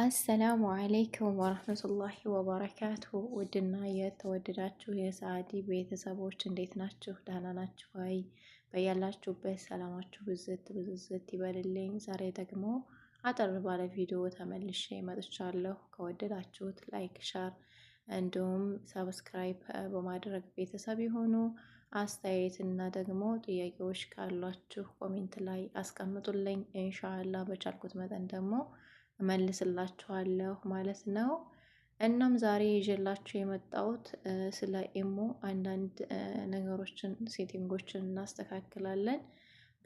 አሰላሙ አለይኩም ወረህመቱላሂ ወበረካቱሁ ውድና የተወደዳችሁ የሰዓዲ ቤተሰቦች እንዴት ናችሁ? ደህና ናችሁ? አይ በያላችሁበት ሰላማችሁ ብዝት ብዝዝት ይበልልኝ። ዛሬ ደግሞ አጠር ባለ ቪዲዮ ተመልሼ መጥቻለሁ። ከወደዳችሁት ላይክ፣ ሻር እንዲሁም ሰብስክራይብ በማድረግ ቤተሰብ የሆኑ አስተያየት እና ደግሞ ጥያቄዎች ካሏችሁ ኮሜንት ላይ አስቀምጡልኝ። ኢንሻአላ በቻልኩት መጠን ደግሞ እመልስላችኋለሁ ማለት ነው። እናም ዛሬ ይዤላችሁ የመጣሁት ስለ ኢሞ አንዳንድ ነገሮችን ሴቲንጎችን እናስተካክላለን።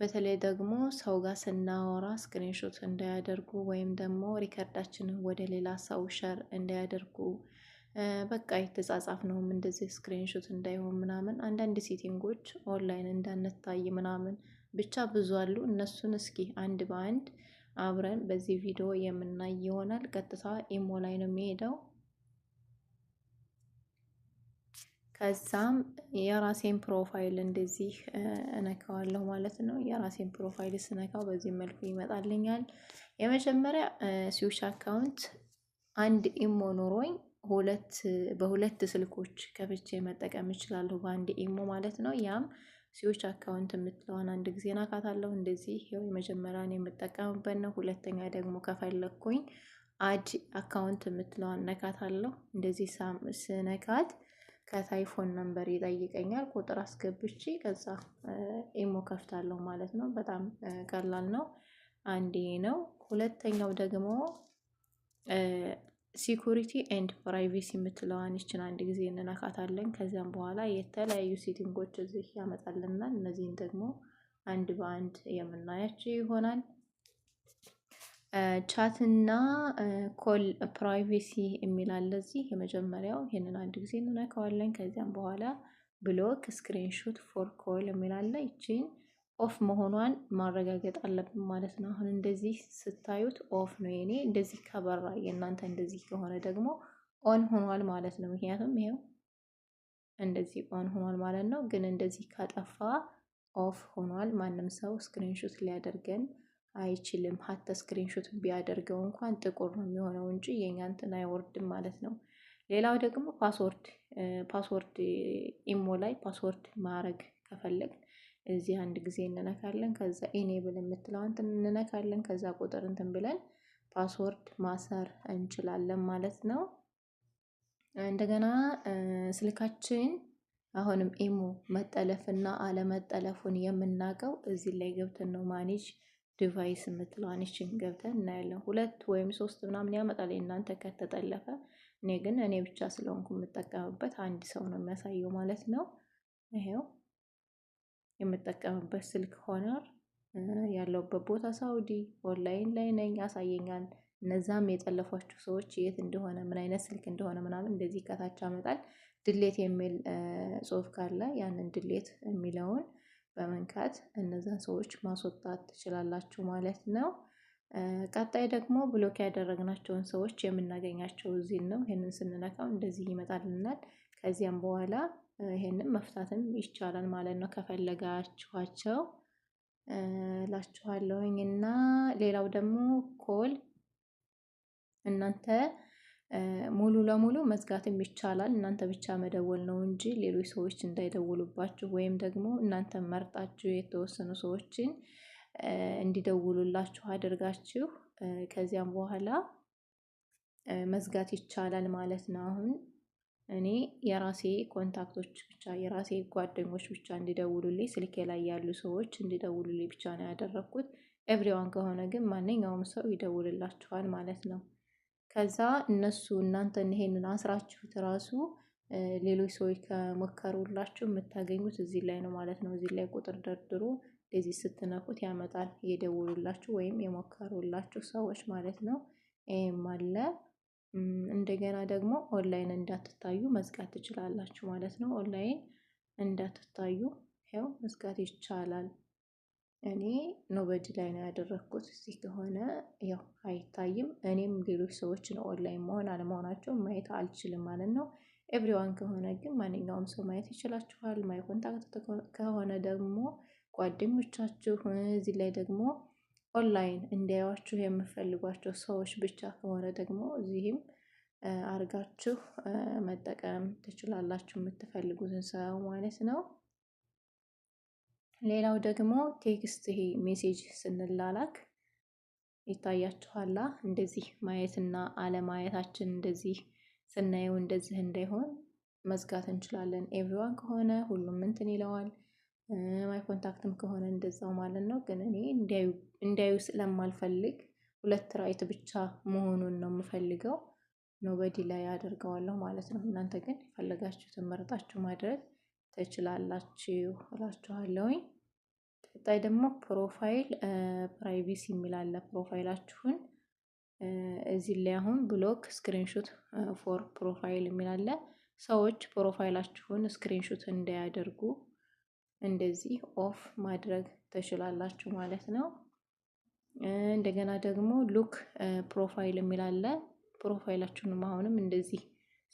በተለይ ደግሞ ሰው ጋር ስናወራ ስክሪንሾት እንዳያደርጉ ወይም ደግሞ ሪከርዳችንን ወደ ሌላ ሰው ሸር እንዳያደርጉ በቃ የተጻጻፍ ነውም እንደዚህ ስክሪንሾት እንዳይሆን ምናምን አንዳንድ ሴቲንጎች ኦንላይን እንዳንታይ ምናምን ብቻ ብዙ አሉ። እነሱን እስኪ አንድ በአንድ አብረን በዚህ ቪዲዮ የምናይ ይሆናል። ቀጥታ ኢሞ ላይ ነው የሚሄደው። ከዛም የራሴን ፕሮፋይል እንደዚህ እነካዋለሁ ማለት ነው። የራሴን ፕሮፋይል ስነካው በዚህ መልኩ ይመጣልኛል። የመጀመሪያ ሲውሽ አካውንት አንድ ኢሞ ኖሮኝ ሁለት በሁለት ስልኮች ከፍቼ መጠቀም እችላለሁ፣ በአንድ ኢሞ ማለት ነው ያም ሲዎች አካውንት የምትለዋን አንድ ጊዜ ናካታለሁ። እንደዚህ ያው የመጀመሪያን የምጠቀምበት ነው። ሁለተኛ ደግሞ ከፈለግኩኝ አድ አካውንት የምትለዋን ነካታለሁ። እንደዚህ ስነካት ከታይፎን ነንበር ይጠይቀኛል። ቁጥር አስገብቼ ከዛ ኢሞ ከፍታለሁ ማለት ነው። በጣም ቀላል ነው። አንዴ ነው። ሁለተኛው ደግሞ ሲኩሪቲ ኤንድ ፕራይቬሲ የምትለዋን ይችን አንድ ጊዜ እንነካታለን። ከዚያም በኋላ የተለያዩ ሴቲንጎች እዚህ ያመጣልናል። እነዚህን ደግሞ አንድ በአንድ የምናያቸው ይሆናል። ቻትና ኮል ፕራይቬሲ የሚላለ እዚህ የመጀመሪያው ይህንን አንድ ጊዜ እንነካዋለን። ከዚያም በኋላ ብሎክ ስክሪንሹት ፎር ኮል የሚላለ ይችን ኦፍ መሆኗን ማረጋገጥ አለብን ማለት ነው። አሁን እንደዚህ ስታዩት ኦፍ ነው የኔ። እንደዚህ ከበራ የእናንተ እንደዚህ ከሆነ ደግሞ ኦን ሆኗል ማለት ነው። ምክንያቱም ይሄው እንደዚህ ኦን ሆኗል ማለት ነው። ግን እንደዚህ ከጠፋ ኦፍ ሆኗል። ማንም ሰው ስክሪንሾት ሊያደርገን አይችልም። ሀተ ስክሪንሾት ቢያደርገው እንኳን ጥቁር ነው የሚሆነው እንጂ የኛንትን አይወርድም ማለት ነው። ሌላው ደግሞ ፓስወርድ ፓስወርድ ኢሞ ላይ ፓስወርድ ማረግ ከፈለግ እዚህ አንድ ጊዜ እንነካለን። ከዛ ኢኔብል የምትለዋን እንነካለን። ከዛ ቁጥር እንትን ብለን ፓስወርድ ማሰር እንችላለን ማለት ነው። እንደገና ስልካችን አሁንም ኢሞ መጠለፍና አለመጠለፉን የምናውቀው እዚህ ላይ ገብተን ነው። ማኔጅ ዲቫይስ የምትለዋን እችን ገብተን እናያለን። ሁለት ወይም ሶስት ምናምን ያመጣል እናንተ ከተጠለፈ። እኔ ግን እኔ ብቻ ስለሆንኩ የምጠቀምበት አንድ ሰው ነው የሚያሳየው ማለት ነው ይሄው የምጠቀምበት ስልክ ሆነር ያለሁበት ቦታ ሳውዲ ኦንላይን ላይ ነኝ ያሳየኛል። እነዛም የጠለፏችሁ ሰዎች የት እንደሆነ ምን አይነት ስልክ እንደሆነ ምናምን እንደዚህ ከታች ያመጣል። ድሌት የሚል ጽሁፍ ካለ ያንን ድሌት የሚለውን በመንካት እነዛን ሰዎች ማስወጣት ትችላላችሁ ማለት ነው። ቀጣይ ደግሞ ብሎክ ያደረግናቸውን ሰዎች የምናገኛቸው እዚህን ነው ይህንን ስንነካው እንደዚህ ይመጣልናል። ከዚያም በኋላ ይሄንን መፍታትም ይቻላል ማለት ነው ከፈለጋችኋቸው ላችኋለሁኝ። እና ሌላው ደግሞ ኮል እናንተ ሙሉ ለሙሉ መዝጋትም ይቻላል። እናንተ ብቻ መደወል ነው እንጂ ሌሎች ሰዎች እንዳይደውሉባችሁ ወይም ደግሞ እናንተ መርጣችሁ የተወሰኑ ሰዎችን እንዲደውሉላችሁ አድርጋችሁ ከዚያም በኋላ መዝጋት ይቻላል ማለት ነው አሁን እኔ የራሴ ኮንታክቶች ብቻ የራሴ ጓደኞች ብቻ እንዲደውሉልኝ ስልኬ ላይ ያሉ ሰዎች እንዲደውሉልኝ ብቻ ነው ያደረግኩት። ኤቭሪዋን ከሆነ ግን ማንኛውም ሰው ይደውልላችኋል ማለት ነው። ከዛ እነሱ እናንተን ይሄንን አስራችሁት ራሱ ሌሎች ሰዎች ከሞከሩላችሁ የምታገኙት እዚህ ላይ ነው ማለት ነው። እዚህ ላይ ቁጥር ደርድሮ እዚህ ስትነኩት ያመጣል የደውሉላችሁ ወይም የሞከሩላችሁ ሰዎች ማለት ነው። ይህም አለ እንደገና ደግሞ ኦንላይን እንዳትታዩ መዝጋት ትችላላችሁ ማለት ነው። ኦንላይን እንዳትታዩ ያው መዝጋት ይቻላል። እኔ ኖበድ ላይ ነው ያደረግኩት። እዚህ ከሆነ ያው አይታይም። እኔም ሌሎች ሰዎችን ኦንላይን መሆን አለመሆናቸው ማየት አልችልም ማለት ነው። ኤብሪዋን ከሆነ ግን ማንኛውም ሰው ማየት ይችላችኋል። ማይ ኮንታክት ከሆነ ደግሞ ጓደኞቻችሁ እዚህ ላይ ደግሞ ኦንላይን እንዲያዩችሁ የምፈልጓቸው ሰዎች ብቻ ከሆነ ደግሞ እዚህም አርጋችሁ መጠቀም ትችላላችሁ፣ የምትፈልጉትን ሰው ማለት ነው። ሌላው ደግሞ ቴክስት ይሄ ሜሴጅ ስንላላክ ይታያችኋላ። እንደዚህ ማየትና አለማየታችን እንደዚህ ስናየው እንደዚህ እንዳይሆን መዝጋት እንችላለን። ኤቭሪዋን ከሆነ ሁሉም እንትን ይለዋል። ማይ ኮንታክትም ከሆነ እንደዛው ማለት ነው። ግን እኔ እንዲያዩ ስለማልፈልግ ሁለት ራይት ብቻ መሆኑን ነው የምፈልገው። ኖበዲ ላይ አደርገዋለሁ ማለት ነው። እናንተ ግን የፈለጋችሁትን መርጣችሁ ማድረግ ትችላላችሁ እላችኋለሁኝ። ቀጣይ ደግሞ ፕሮፋይል ፕራይቬሲ የሚላለ ፕሮፋይላችሁን እዚህ ላይ አሁን ብሎክ ስክሪንሹት ፎር ፕሮፋይል የሚላለ። ሰዎች ፕሮፋይላችሁን ስክሪንሹት እንዳያደርጉ እንደዚህ ኦፍ ማድረግ ትችላላችሁ ማለት ነው። እንደገና ደግሞ ሉክ ፕሮፋይል የሚል አለ ፕሮፋይላችሁንም አሁንም እንደዚህ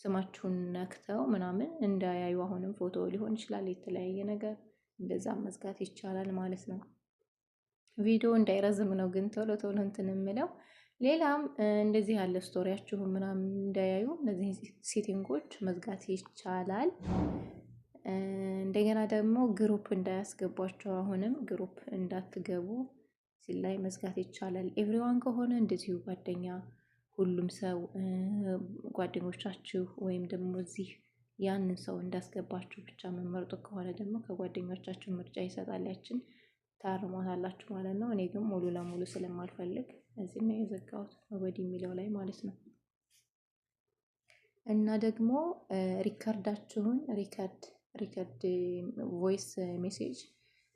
ስማችሁን ነክተው ምናምን እንዳያዩ አሁንም ፎቶ ሊሆን ይችላል፣ የተለያየ ነገር እንደዛ መዝጋት ይቻላል ማለት ነው። ቪዲዮ እንዳይረዝም ነው ግን ቶሎ ቶሎ እንትን የምለው ሌላም እንደዚህ ያለ ስቶሪያችሁ ምናምን እንዳያዩ እነዚህ ሴቲንጎች መዝጋት ይቻላል። እንደገና ደግሞ ግሩፕ እንዳያስገቧቸው አሁንም ግሩፕ እንዳትገቡ ሲል ላይ መዝጋት ይቻላል። ኤቭሪዋን ከሆነ እንደዚሁ ጓደኛ ሁሉም ሰው ጓደኞቻችሁ ወይም ደግሞ እዚህ ያንን ሰው እንዳስገባችሁ ብቻ መመርጡ ከሆነ ደግሞ ከጓደኞቻችሁ ምርጫ ይሰጣል። ያችን ታርሟታላችሁ ማለት ነው። እኔ ግን ሙሉ ለሙሉ ስለማልፈልግ እዚህ ነው የዘጋሁት ወዲህ የሚለው ላይ ማለት ነው። እና ደግሞ ሪከርዳችሁን ሪከርድ ሪከርድ ቮይስ ሜሴጅ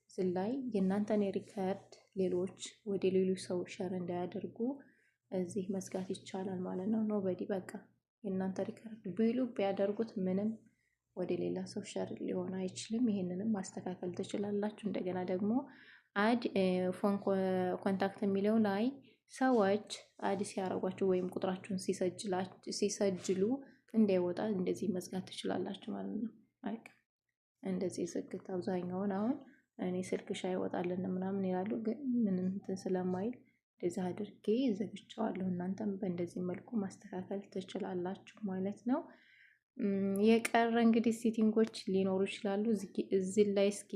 እዚህ ላይ የእናንተን ሪከርድ ሌሎች ወደ ሌሎች ሰው ሸር እንዳያደርጉ እዚህ መዝጋት ይቻላል ማለት ነው። በዲ በቃ የእናንተ ሪከርድ ቢሉ ቢያደርጉት ምንም ወደ ሌላ ሰው ሸር ሊሆን አይችልም። ይህንንም ማስተካከል ትችላላችሁ። እንደገና ደግሞ አድ ፎን ኮንታክት የሚለው ላይ ሰዎች አድ ሲያደርጓችሁ ወይም ቁጥራችሁን ሲሰጅሉ እንዳይወጣ እንደዚህ መዝጋት ትችላላችሁ ማለት ነው። እንደዚህ ዝግት አብዛኛውን አሁን እኔ ስልክሽ አይወጣልን ምናምን ይላሉ። ግን ምንም እንትን ስለማይል እንደዚህ አድርጌ ዘግቸዋለሁ። እናንተም በእንደዚህ መልኩ ማስተካከል ትችላላችሁ ማለት ነው። የቀረ እንግዲህ ሴቲንጎች ሊኖሩ ይችላሉ። እዚህ ላይ እስኪ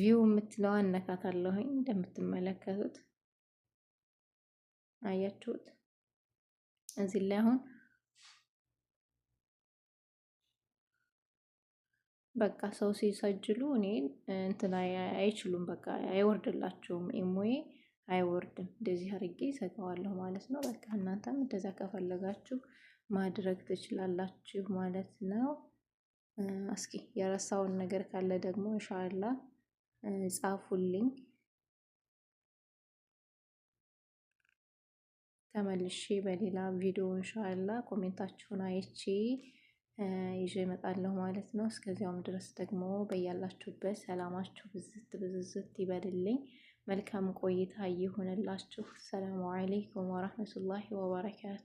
ቪው ምትለው ነካታለሁኝ። እንደምትመለከቱት አያችሁት እዚህ ላይ አሁን በቃ ሰው ሲሰጅሉ እኔ እንትን አይችሉም። በቃ አይወርድላቸውም፣ ኢሞዬ አይወርድም። እንደዚህ አርጌ ይሰጠዋለሁ ማለት ነው። በቃ እናንተም እንደዛ ከፈለጋችሁ ማድረግ ትችላላችሁ ማለት ነው። እስኪ የረሳውን ነገር ካለ ደግሞ እንሻላ ጻፉልኝ፣ ተመልሼ በሌላ ቪዲዮ እንሻላ ኮሜንታችሁን አይቼ ይዤ እመጣለሁ ማለት ነው። እስከዚያውም ድረስ ደግሞ በያላችሁበት ሰላማችሁ ብዝት ብዝዝት ይበልልኝ። መልካም ቆይታ ይሁንላችሁ። ሰላሙ አለይኩም ወራህመቱላሂ ወበረካቱ